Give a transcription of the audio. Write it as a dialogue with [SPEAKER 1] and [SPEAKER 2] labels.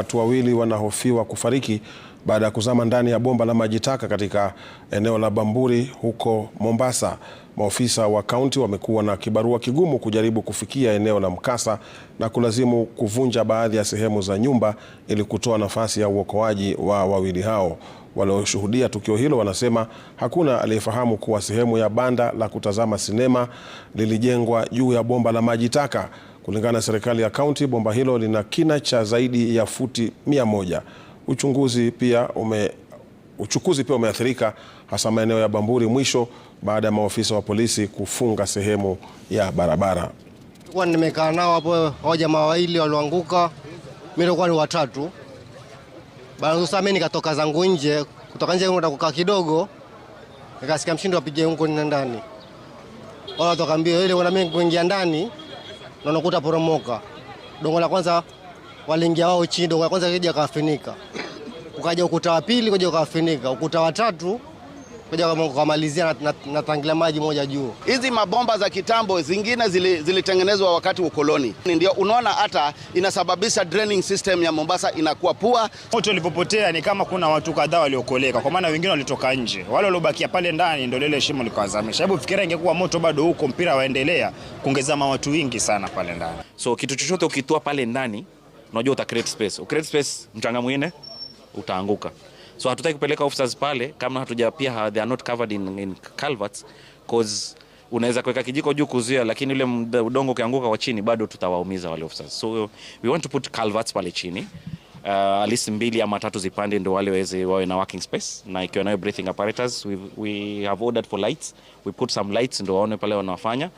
[SPEAKER 1] Watu wawili wanahofiwa kufariki baada ya kuzama ndani ya bomba la maji taka katika eneo la Bamburi huko Mombasa. Maofisa wa kaunti wamekuwa na kibarua kigumu kujaribu kufikia eneo la mkasa na kulazimu kuvunja baadhi ya sehemu za nyumba ili kutoa nafasi ya uokoaji wa wawili hao. Walioshuhudia tukio hilo wanasema hakuna aliyefahamu kuwa sehemu ya banda la kutazama sinema lilijengwa juu ya bomba la maji taka. Kulingana na serikali ya kaunti, bomba hilo lina kina cha zaidi ya futi mia moja. Uchunguzi pia ume, uchukuzi pia umeathirika hasa maeneo ya Bamburi mwisho baada ya maofisa wa polisi kufunga sehemu ya barabara.
[SPEAKER 2] Kwa nimekaa nao hapo, hao jamaa wawili walioanguka, mimi nilikuwa ni watatu bana. Sasa mimi nikatoka zangu nje, kutoka nje kwenda kukaa kidogo, nikasikia mshindo apige huko ndani, wala tokaambia ile, wana mimi kuingia ndani na unakuta poromoka. Dongo la kwanza waliingia wao chini, dongo la kwanza kija kafinika, ukaja ukuta wa pili kaja ukafinika, ukuta wa tatu Kuja na na, natangilia maji moja juu.
[SPEAKER 3] Hizi mabomba za kitambo zingine zilitengenezwa zili wakati ukoloni, ndio unaona hata inasababisha draining system ya Mombasa inakuwa pua.
[SPEAKER 4] Moto ulipopotea ni kama kuna watu kadhaa waliokoleka, kwa maana wengine walitoka nje, wale waliobakia pale ndani ndio lile shimo likawazamisha. Hebu fikiria, ingekuwa moto bado huko, mpira waendelea, kungezama watu wengi sana pale ndani.
[SPEAKER 5] So kitu chochote ukitua pale ndani, unajua uta create space, ukreate space, mchanga mwingine utaanguka. So hatutaki kupeleka officers pale kama hatuja pia they are not covered in, in culverts cause unaweza kuweka kijiko juu kuzuia, lakini ule udongo ukianguka kwa chini bado tutawaumiza wale officers. So we want to put culverts pale chini uh, at least mbili ama tatu zipande ndio wale waweze wawe na working space na ikiwa nayo breathing apparatus we, we have ordered for lights we put some lights ndio waone pale wanafanya